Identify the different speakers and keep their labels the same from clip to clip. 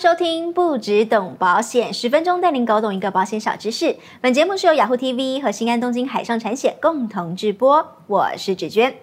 Speaker 1: 收聽不芷懂保險，十分鐘帶您搞懂一個保險小知識。本節目是由雅虎 TV 和新安東京海上產險共同制播，我是芷娟。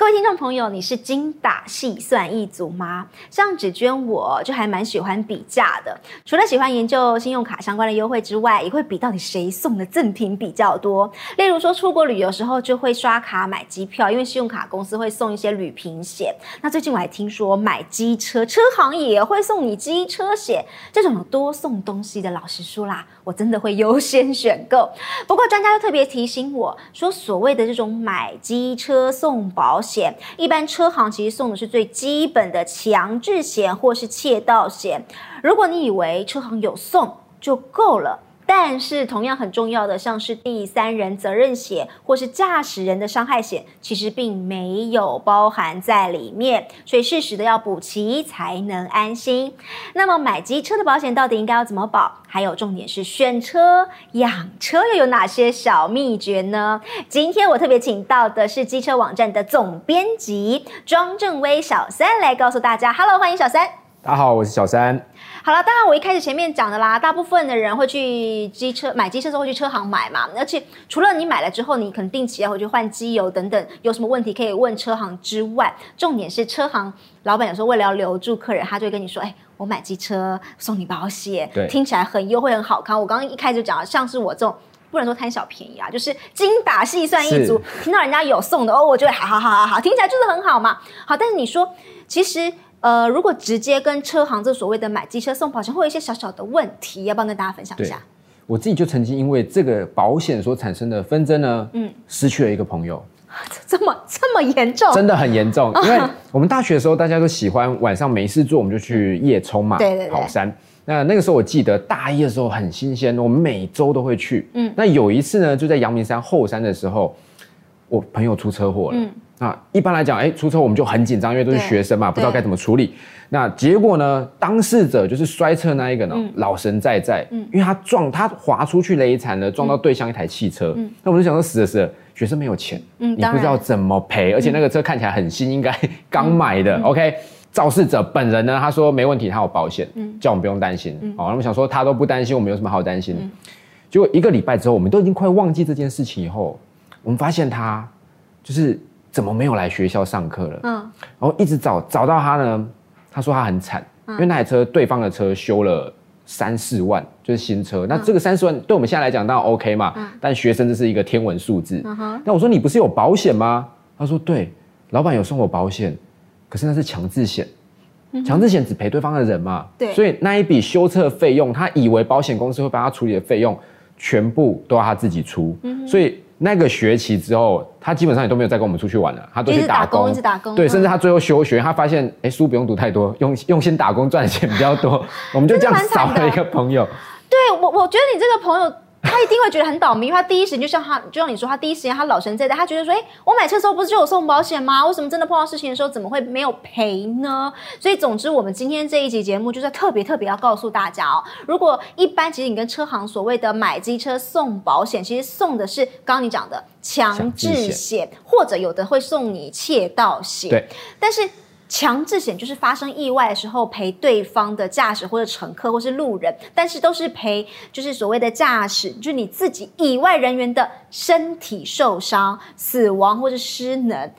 Speaker 1: 各位聽眾朋友，你是精打細算一族嗎？像芷娟，我就還蠻喜歡比價的。除了喜歡研究信用卡相關的優惠之外，也會比到底誰送的贈品比較多。例如說，出國旅遊的時候就會刷卡買機票，因為信用卡公司會送一些旅平險。那最近我還聽說買機車，車行也會送你機車險。這種有多送東西的，老實說啦，我真的會優先選購。不過專家又特別提醒我說，所謂的這種買機車送保險。險，一般車行其實送的是最基本的強制險或是竊盜險，如果你以為車行有送就夠了。但是同樣很重要的，像是第三人責任險或是駕駛人的傷害險，其實並沒有包含在裡面，所以適時的要補齊才能安心。那麼買機車的保險到底應該要怎麼保？還有重點是選車、養車又有哪些小祕訣呢？今天我特別請到的是機車網站的總編輯莊正威小三來告訴大家。Hello，歡迎小三。
Speaker 2: 大家好，我是小三。
Speaker 1: 好了，當然我一開始前面講的啦，大部分的人會去機車買機車之後會去車行買嘛，而且除了你買了之後，你可能定期要回去換機油等等，有什麼問題可以問車行之外，重點是車行老板有時候為了要留住客人，他就會跟你說：“哎、欸，我買機車送你保險。”對，聽起來很優惠、很好康。我剛剛一開始講，像是我這種不能說貪小便宜啊，就是精打細算一族。是聽到人家有送的哦，我就會好好好好,好好好，聽起來就是很好嘛。好，但是你說其實。呃，如果直接跟車行這所謂的買機車送保險，會有一些小小的問題，要不要跟大家分享一下？對，
Speaker 2: 我自己就曾經因為這個保險所產生的紛爭呢，嗯，失去了一個朋友。
Speaker 1: 這麼這麼嚴重？真的很
Speaker 2: 嚴重， 因為我們大學的時候大家都喜歡晚上沒事做，我們就去夜衝嘛，對對對，跑山。那那個時候我記得大一的時候很新鮮，我們每周都會去，嗯，那有一次呢，就在陽明山後山的時候。我朋友出車禍了，嗯，那一般來講，哎，出車我們就很緊張，因為都是學生嘛，不知道該怎麼處理。那結果呢，當事者就是摔車那一個呢，老神在在，嗯，因為他撞他滑出去雷殘了，撞到對向一台汽車，嗯，那我們就想說，死了死了，學生沒有錢，嗯，你不知道怎麼賠，而且那個車看起來很新，應該剛買的，OK。肇事者本人呢，他說沒問題，他有保險，嗯，叫我們不用擔心，好，那我們想說他都不擔心，我們有什麼好擔心？結果一個禮拜之後，我們都已經快忘記這件事情以後。我們發現他就是怎麼沒有來學校上課了，嗯，然後一直找，找到他呢，他說他很慘，因為那台車對方的車修了三四萬，就是新車，那這個三四萬對我們現在來講當然 OK 嘛，但學生這是一個天文數字。那我說你不是有保險嗎？他說對，老板有送我保險，可是那是強制險，強制險只賠對方的人嘛，對，所以那一筆修車費用，他以為保險公司會幫他處理的費用，全部都要他自己出，所以。那個學期之後，他基本上也都沒有再跟我們出去玩了，他都去打工，一直打工。一直打工。對，對。甚至他最後休學，他發現，哎、欸，書不用讀太多，用用心打工賺錢比較多。 我們就這樣少了一個朋友。
Speaker 1: 對，我，我覺得你這個朋友。他一定會覺得很倒霉，因為他第一時間就像他就像你說，他第一時間他老神在在，他覺得說，誒，我買車的時候不是就有送保險嗎？為什麼真的碰到事情的時候，怎麼會沒有賠呢？所以，總之，我們今天這一集節目就是要特別特別要告訴大家哦，如果一般其實你跟車行所謂的買機車送保險，其實送的是剛剛你講的強制險，你或者有的會送你竊盜險，對，但是。強制險就是發生意外的時候賠對方的駕駛或者乘客或是路人，但是都是賠就是所謂的駕駛，就是你自己以外人員的身體受傷、死亡或者失能。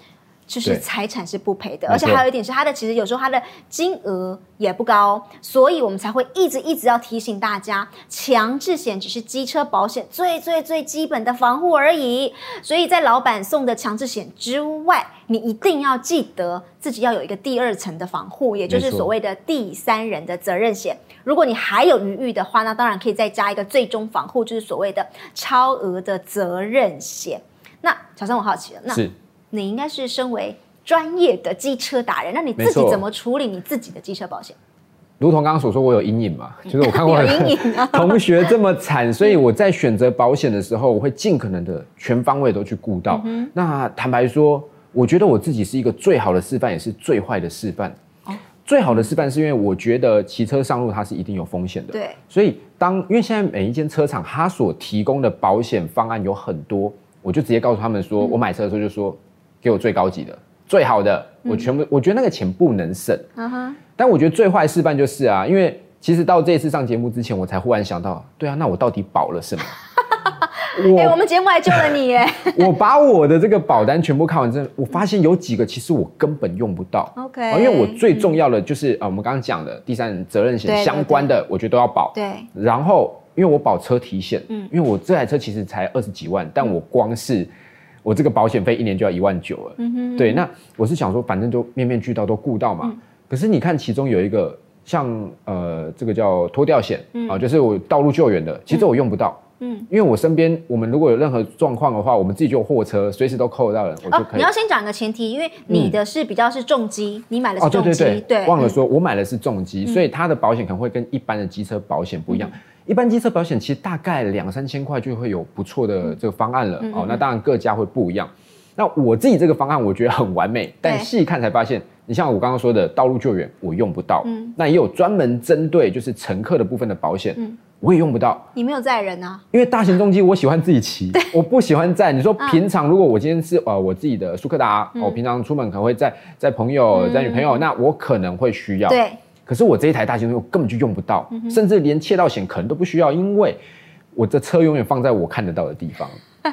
Speaker 1: 就是財產是不賠的，對而且還有一點是它的，其實有時候它的金額也不高，所以我們才會一直一直要提醒大家，強制險只是機車保險最最最基本的防護而已。所以在老闆送的強制險之外，你一定要記得自己要有一個第二層的防護，也就是所謂的第三人的責任險。錯如果你還有餘裕的話，那當然可以再加一個最終防護，就是所謂的超額的責任險。那小三，我好奇了，那是。你應該是身為專業的機車達人，那你自己怎麼處理你自己的機車保險？如
Speaker 2: 同剛剛所說，我有陰影嘛，嗯、就是我看過很多、 啊、 同學這麼慘，所以我在選擇保險的時候，我會儘可能的全方位都去顧到。嗯、哼那坦白說，我覺得我自己是一個最好的示範，也是最壞的示範。哦、最好的示範是因為我覺得騎車上路它是一定有風險的，對。所以當因為現在每一間車廠，它所提供的保險方案有很多，我就直接告訴他們說，我買車的時候就說。嗯給我最高級的、最好的，嗯、我全部。我覺得那個錢不能省。嗯、哼但我覺得最壞示範就是啊，因為其實到這次上節目之前，我才忽然想到，對啊，那我到底保了什麼？哈
Speaker 1: 哈哈哈哎，我們節目還救了你耶！
Speaker 2: 我把我的這個保單全部看完之後，我發現有幾個其實我根本用不到。
Speaker 1: OK、啊。因為我最
Speaker 2: 重要的就是、嗯、啊，我們剛剛講的第三責任險相關的，我覺得都要保。對,對,對。然後，因為我保車體險，嗯，因為我這台車其實才二十幾萬，但我光是。我這個保險費一年就要一萬九了，嗯嗯對，那我是想說，反正都面面俱到，都顧到嘛。嗯、可是你看，其中有一個像呃，這個叫拖吊險、嗯、啊，就是我道路救援的，其實我用不到，嗯，因為我身邊我們如果有任何狀況的話，我們自己就有貨車，隨時都扣得到了，我就可以。哦、你要先
Speaker 1: 講一個前提，因為你的是比較是重機，嗯、你買的是重機、哦、對，對，對，對，對，嗯、忘了
Speaker 2: 說，我買的是重機，嗯、所以它的保險可能會跟一般的機車保險不一樣。嗯一般機車保險其實大概兩三千塊就會有不錯的這個方案了哦。那當然各家會不一樣。那我自己這個方案我覺得很完美，但細看才發現，你像我剛剛說的道路救援我用不到，嗯，那也有專門針對就是乘客的部分的保險，嗯，我也用不到。
Speaker 1: 你沒有載人啊？
Speaker 2: 因為大型重機我喜歡自己騎，我不喜歡載。你說平常如果我今天是呃我自己的速克達，我平常出門可能會載載朋友，載女朋友，那我可能會需要。對。可是我這一台大型車根本就用不到，嗯、哼甚至連竊盜險可能都不需要，因為我的車永遠放在我看得到的地方。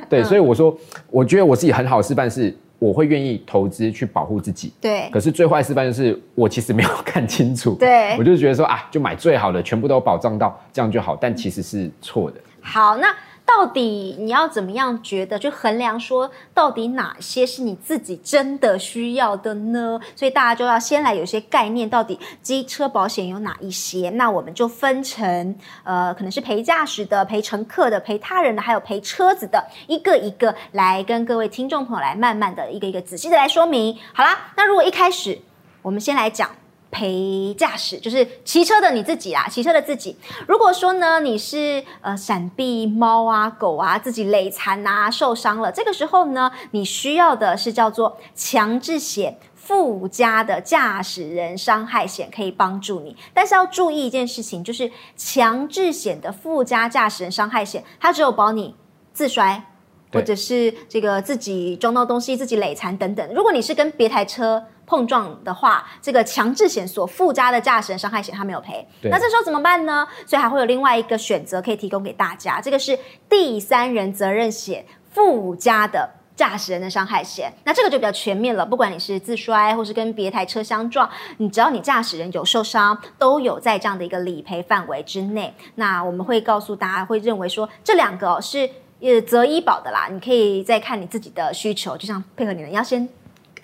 Speaker 1: 對，嗯、所以我
Speaker 2: 說，我覺得我自己很好的示範是，我會願意投資去保護自己。對。可是最壞示範就是，我其實沒有看清楚。對。我就覺得說啊，就買最好的，全部都保障到，這樣就好。但其實是錯的。
Speaker 1: 嗯、好，那。到底你要怎麼樣覺得就衡量說，到底哪些是你自己真的需要的呢？所以大家就要先來有些概念，到底機車保險有哪一些？那我們就分成，呃，可能是賠駕駛的、賠乘客的、賠他人的，還有賠車子的，一個一個來跟各位聽眾朋友來慢慢的一個一個仔細的來說明。好啦，那如果一開始，我們先來講。陪駕駛就是騎車的你自己啊，騎車的自己。如果說呢，你是呃閃避貓啊、狗啊，自己累殘吶、啊、受傷了，這個時候呢，你需要的是叫做強制險附加的駕駛人傷害險，可以幫助你。但是要注意一件事情，就是強制險的附加駕駛人傷害險，它只有保你自摔或者是這個自己撞到東西、自己累殘等等。如果你是跟別台車，碰撞的話，這個強制險所附加的駕駛人傷害險他沒有賠，對那這時候怎麼辦呢？所以還會有另外一個選擇可以提供給大家，這個是第三人責任險附加的駕駛人的傷害險，那這個就比較全面了。不管你是自摔或是跟別台車相撞，你只要你駕駛人有受傷，都有在這樣的一個理賠範圍之內。那我們會告訴大家，會認為說這兩個是呃擇一保的啦，你可以再看你自己的需求，就像配合你的，你要先。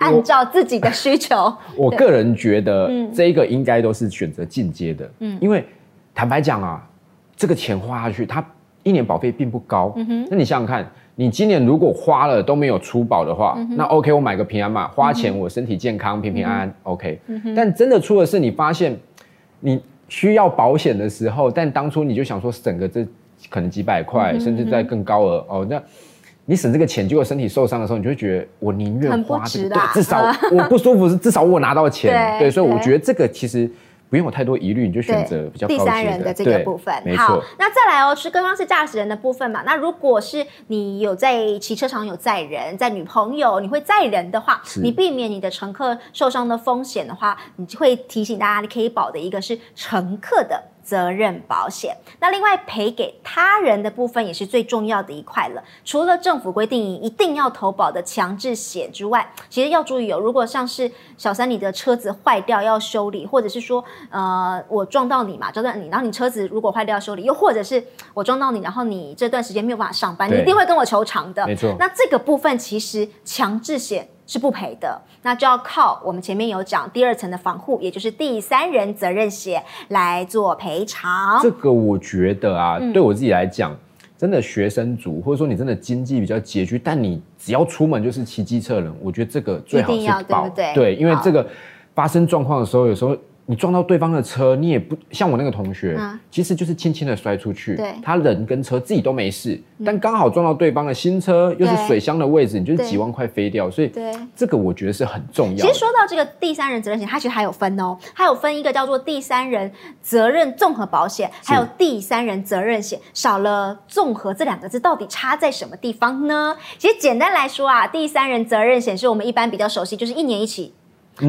Speaker 1: 按照自己的需求， 我個人
Speaker 2: 覺得這個應該都是選擇進階的。嗯，因為坦白講啊，這個錢花下去，它一年保費並不高。嗯、哼那你想想看，你今年如果花了都沒有出保的話，嗯、哼那 OK，我買個平安嘛，花錢我身體健康，嗯、哼平平安安、嗯、哼 OK。嗯、哼但真的出了事，你發現你需要保險的時候，但當初你就想說，省個這可能幾百塊，嗯、哼哼甚至再更高額哦，那。你省這個錢，結果身體受傷的時候，你就會覺得我寧願花這個，啊、對，至少我不舒服，是 至少我拿到錢，對，對，所以我覺得這個其實不用有太多疑慮，你就選擇比較保險的。第三人的這個部分，沒錯，好，
Speaker 1: 那再來哦，剛剛是剛剛是駕駛人的部分嘛。那如果是你有在騎車場有載人，載女朋友，你會載人的話，是你避免你的乘客受傷的風險的話，你就會提醒大家，你可以保的一個是乘客的責任保險，那另外賠給他人的部分也是最重要的一塊了。除了政府規定你一定要投保的強制險之外，其實要注意有、哦，如果像是小三你的車子壞掉要修理，或者是說，呃，我撞到你嘛，撞到你，然後你車子如果壞掉要修理，又或者是我撞到你，然後你這段時間沒有辦法上班，對你一定會跟我求償的。沒錯錯，那這個部分其實強制險。是不賠的，那就要靠我們前面有講第二層的防護，也就是第三人責任險來做賠償。這
Speaker 2: 個我覺得啊，嗯、對我自己來講，真的學生族，或者說你真的經濟比較拮據，但你只要出門就是騎機車人，我覺得這個最好是保，一定要，對不對？對，因為這個發生狀況的時候，有時候。你撞到對方的車，你也不像我那個同學，嗯、其實就是輕輕的摔出去，對，他人跟車自己都沒事，嗯、但剛好撞到對方的新車，對又是水箱的位置，對你就是幾萬塊飛掉，所以對這個我覺得是很重要。其實說
Speaker 1: 到這個第三人責任險，它其實還有分哦，還有分一個叫做第三人責任綜合保險，是還有第三人責任險，少了“綜合”這兩個字，到底差在什麼地方呢？其實簡單來說啊，第三人責任險是我們一般比較熟悉，就是一年一期。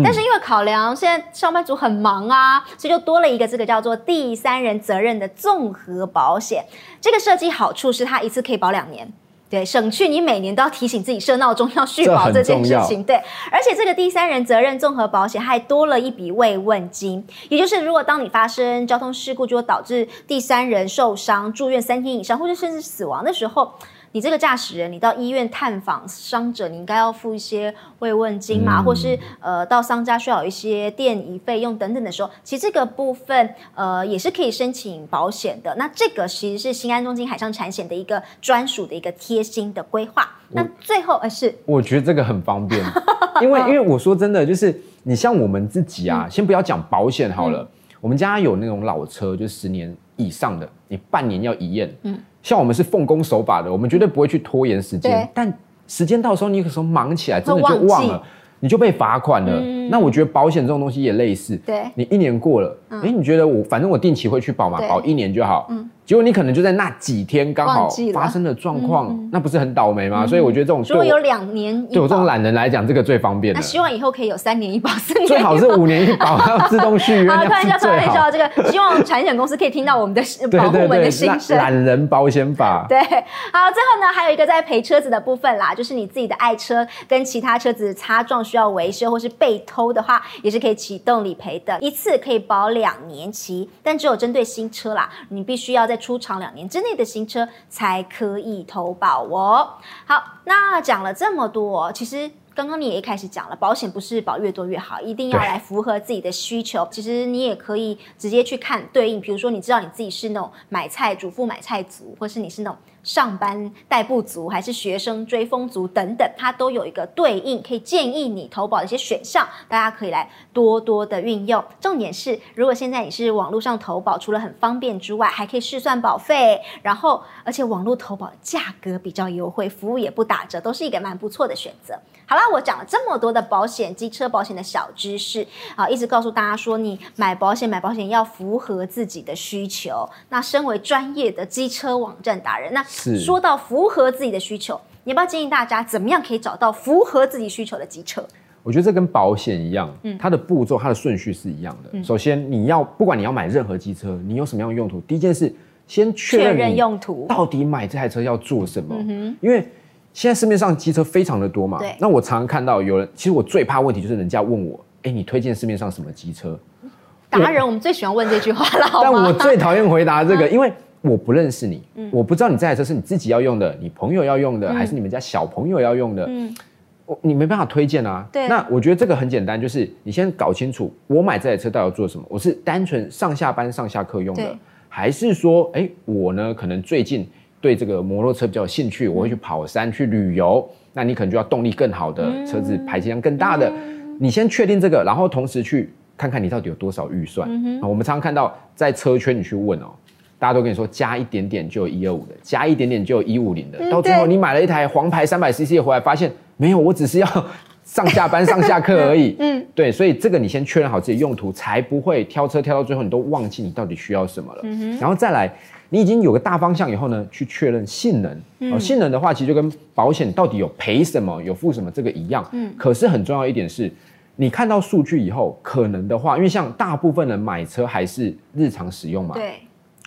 Speaker 1: 但是因為考量現在上班族很忙啊，嗯，所以就多了一個這個叫做第三人責任的綜合保險。這個設計好處是它一次可以保兩年，對，省去你每年都要提醒自己設鬧鐘要續保這件事情。對，而且這個第三人責任綜合保險還多了一筆慰問金，也就是如果當你發生交通事故，就會導致第三人受傷、住院三天以上，或者甚至死亡的時候。你這個駕駛人，你到醫院探訪傷者，你應該要付一些慰問金嘛，嗯、或是呃到喪家需要一些奠儀費用等等的時候，其實這個部分呃也是可以申請保險的。那這個其實是新安中心海上產險的一個專屬的一個貼心的規劃。我那最後而是，
Speaker 2: 我覺得這個很方便， 因為因為我說真的，就是你像我們自己啊，嗯、先不要講保險好了，嗯、我們家有那種老車，就十年以上的，你半年要一驗，嗯。像我們是奉公守法的，我們絕對不會去拖延時間。對但時間到時候，你有時候忙起來，真的就忘了，忘記你就被罰款了。嗯、那我覺得保險這種東西也類似。對。你一年過了，哎、嗯，你覺得我反正我定期會去保嘛，對保一年就好。嗯結果你可能就在那幾天剛好發生的狀況，那不是很倒霉嗎？嗯、所以我覺得這種如果有兩年，對我這種懶人來講，這個最方便。那希
Speaker 1: 望以後可以有三年一保，四年一保，最好是五年一保，好然後自動續約好。開玩笑，開玩笑，這個，希望產險公司可以聽到我們的 保戶我們的心聲。對對對，懶
Speaker 2: 人保險法，
Speaker 1: 對，好，最後呢，還有一個在賠車子的部分啦，就是你自己的愛車跟其他車子擦撞需要維修或是被偷的話，也是可以啟動理賠的，一次可以保兩年期，但只有針對新車啦，你必須要在。出廠兩年之內的新車才可以投保哦。好，那講了這麼多，其實剛剛你也一開始講了，保險不是保越多越好，一定要來符合自己的需求。其實你也可以直接去看對應，比如說你知道你自己是那種買菜主婦買菜族，或是你是那種。上班代步族還是學生追風族等等，它都有一個對應，可以建議你投保的一些選項，大家可以來多多的運用。重點是，如果現在你是網絡上投保，除了很方便之外，還可以試算保費，然後而且網絡投保價格比較優惠，服務也不打折，都是一個蠻不錯的選擇。好啦，我講了這麼多的保險機車保險的小知識好，一直告訴大家說，你買保險買保險要符合自己的需求。那身為專業的機車網站達人，那是說到符合自己的需求，你要不要建議大家怎麼樣可以找到符合自己需求的機車。
Speaker 2: 我覺得這跟保險一樣，嗯它，它的步驟、它的順序是一樣的。嗯、首先，你要不管你要買任何機車，你有什麼樣的用途，第一件事先確認,認用途，到底買這台車要做什麼。嗯哼，因為現在市面上機車非常的多嘛，對。那我常常看到有人，其實我最怕問題就是人家問我，哎、欸，你推薦市面上什麼機車？達
Speaker 1: 人，我,我們最喜歡問這句話了，好嗎？但我最討
Speaker 2: 厭回答這個，嗯、因為。我不認識你，嗯、我不知道你這台車是你自己要用的，你朋友要用的，嗯、還是你們家小朋友要用的？嗯、我你沒辦法推薦啊。對那我覺得這個很簡單，就是你先搞清楚我買這台車到底要做什麼。我是單純上下班、上下課用的，對還是說，哎、欸，我呢可能最近對這個摩托車比較有興趣，嗯、我會去跑山、去旅遊。那你可能就要動力更好的、嗯、車子，排氣量更大的。嗯、你先確定這個，然後同時去看看你到底有多少預算。嗯、哼我們常常看到在車圈你去問哦、喔。大家都跟你說加一點點就有一二五的，加一點點就有一五零的。嗯、到最後你買了一台黃牌三百 CC 回來，發現沒有，我只是要上下班上下課而已。 嗯，嗯對，所以這個你先確認好自己用途，才不會挑車挑到最後你都忘記你到底需要什麼了。嗯哼，然後再來，你已經有個大方向以後呢，去確認性能。嗯、哦，性能的話其實就跟保險到底有賠什麼、有付什麼這個一樣。嗯。可是很重要一點是，你看到數據以後，可能的話，因為像大部分人買車還是日常使用嘛。對。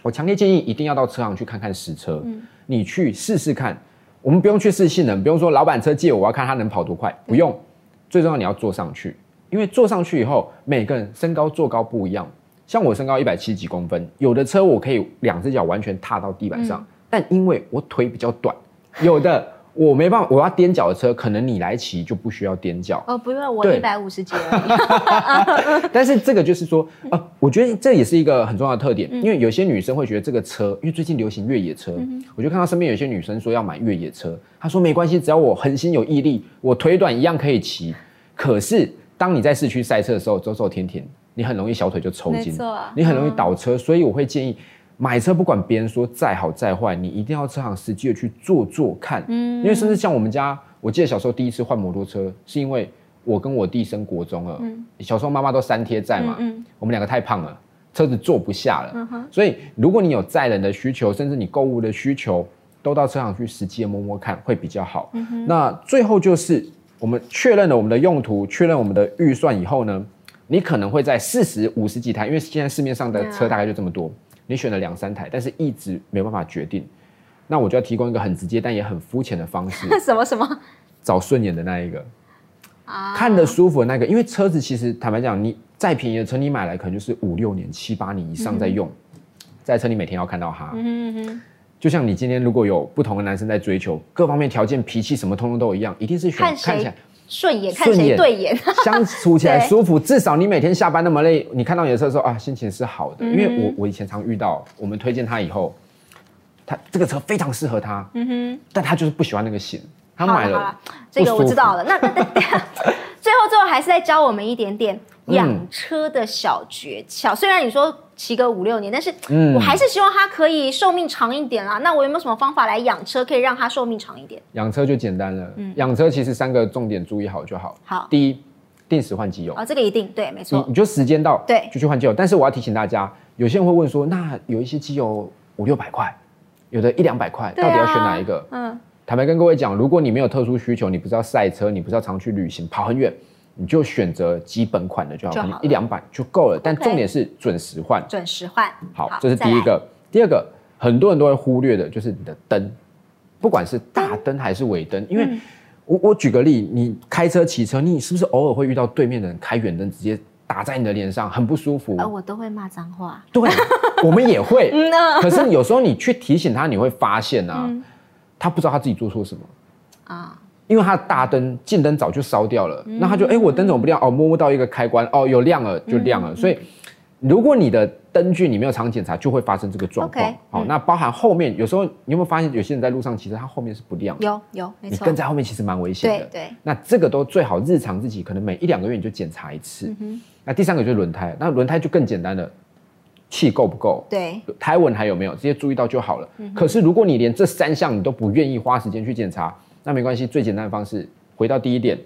Speaker 2: 我強烈建議一定要到車行去看看實車，嗯、你去試試看。我們不用去試性能，不用說老闆，車借我，我要看它能跑多快，不用。嗯、最重要你要坐上去，因為坐上去以後，每個人身高坐高不一樣。像我身高一百七幾公分，有的車我可以兩隻腳完全踏到地板上，嗯、但因為我腿比較短，有的。 我沒辦法，我要踮腳的車，可能你來騎就不需要踮腳。哦，
Speaker 1: 不用，對我一百五十斤。
Speaker 2: 但是這個就是說、呃，我覺得這也是一個很重要的特點，嗯、因為有些女生會覺得這個車，因為最近流行越野車，嗯、哼我就看到身邊有些女生說要買越野車，嗯、哼她說沒關係，只要我恆心有毅力，我腿短一樣可以騎。可是當你在市區賽車的時候，走走停停，你很容易小腿就抽筋，沒錯啊、你很容易倒車，嗯嗯所以我會建議。買車不管別人說再好再壞，你一定要車行實際的去坐坐看，嗯，因為甚至像我們家，我記得小時候第一次換摩托車，是因為我跟我弟升國中了，嗯，小時候媽媽都三貼在嘛，嗯，嗯我們兩個太胖了，車子坐不下了，嗯、哼所以如果你有載人的需求，甚至你購物的需求，都到車行去實際的摸摸看會比較好，嗯哼那最後就是我們確認了我們的用途，確認我們的預算以後呢，你可能會在四十五十幾台，因為現在市面上的車大概就這麼多。嗯你選了兩三台，但是一直沒有辦法決定，那我就要提供一個很直接但也很膚淺的方式。 什麼什麼？找順眼的那一個啊
Speaker 1: ，uh、
Speaker 2: 看得舒服的那個。因為車子其實坦白講，你再便宜的車，你買來可能就是五六年、七八年以上在用，嗯、哼在車你每天要看到它。嗯哼嗯哼。就像你今天如果有不同的男生在追求，各方面條件、脾氣什麼通通都一樣，一定是選看起來。
Speaker 1: 順眼，看誰對眼，眼 相處起來舒
Speaker 2: 服。對至少你每天下班那麼累，你看到你的車的時候啊，心情是好的。嗯、因為我我以前常遇到，我們推薦他以後，他這個車非常適合他。嗯哼，但他就是不喜歡那個型，他買了。這個我知道
Speaker 1: 了。 那那等一下最後最後還是再教我們一點點養車的小訣竅。嗯、雖然你說。騎個五六年，但是我還是希望它可以壽命長一點啦、啊。嗯、那我有沒有什麼方法來養車，可以讓它壽命長一點？
Speaker 2: 養車就簡單了，養、嗯、車其實三個重點注意好就好。好，第一，定時換機油啊、哦，
Speaker 1: 這個一定對，沒錯。
Speaker 2: 你就時間到，對，就去換機油。但是我要提醒大家，有些人會問說，那有一些機油五六百塊，有的一兩百塊，啊、到底要選哪一個？嗯，坦白跟各位講，如果你沒有特殊需求，你不是要賽車，你不是要常去旅行跑很遠。你就選擇基本款的就好，一兩百就夠了。但重點是準時換，準
Speaker 1: 時換。好，這是第一個。
Speaker 2: 第二個，很多人都會忽略的，就是你的燈，不管是大燈還是尾燈。因為，我我舉個例，你開車、騎車，你是不是偶爾會遇到對面的人開遠燈，直接打在你的臉上，很不舒服？
Speaker 1: 我都會罵髒話。對，
Speaker 2: 我們也會。可是有時候你去提醒他，你會發現啊，他不知道他自己做錯什麼。因為它的大燈、近燈早就燒掉了，嗯、那他就哎、欸，我燈怎麼不亮？哦，摸不到一個開關，哦，有亮了就亮了。嗯嗯、所以，如果你的燈具你沒有常檢查，就會發生這個狀況。好，那包含後面，有時候你有沒有發現，有些人在路上其實他後面是不亮的。有
Speaker 1: 有，沒錯。你跟在後
Speaker 2: 面其實蠻危險的。對，對。那這個都最好日常自己可能每一兩個月你就檢查一次。嗯哼那第三個就是輪胎，那輪胎就更簡單了，氣夠不夠？對。胎紋還有沒有？直接注意到就好了。嗯、哼可是如果你連這三項你都不願意花時間去檢查。那沒關係，最簡單的方式回到第一點，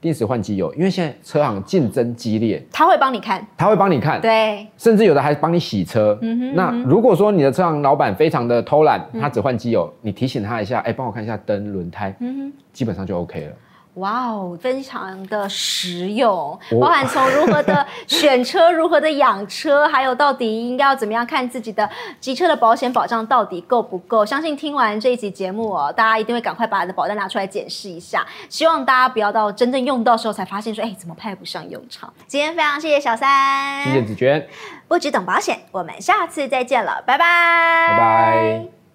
Speaker 2: 定時換機油，因為現在車行競爭激烈，
Speaker 1: 他會幫你看，
Speaker 2: 他會幫你看，對，甚至有的還幫你洗車。嗯哼嗯哼，那如果說你的車行老闆非常的偷懶，他只換機油，嗯、你提醒他一下，哎、欸，幫我看一下燈、輪胎，嗯、哼，基本上就 OK 了。
Speaker 1: 哇哦，wow, 非常的實用，包含從如何的選車、哦、 如何的養車，還有到底應該要怎麼樣看自己的機車的保險保障到底夠不夠。相信聽完這一集節目哦，大家一定會趕快把你的保單拿出來檢視一下。希望大家不要到真正用到時候才發現說，哎，怎麼派不上用場。今天非常謝謝小三，謝謝子娟。不芷懂保險，我們下次再見了，拜拜。
Speaker 2: 拜拜。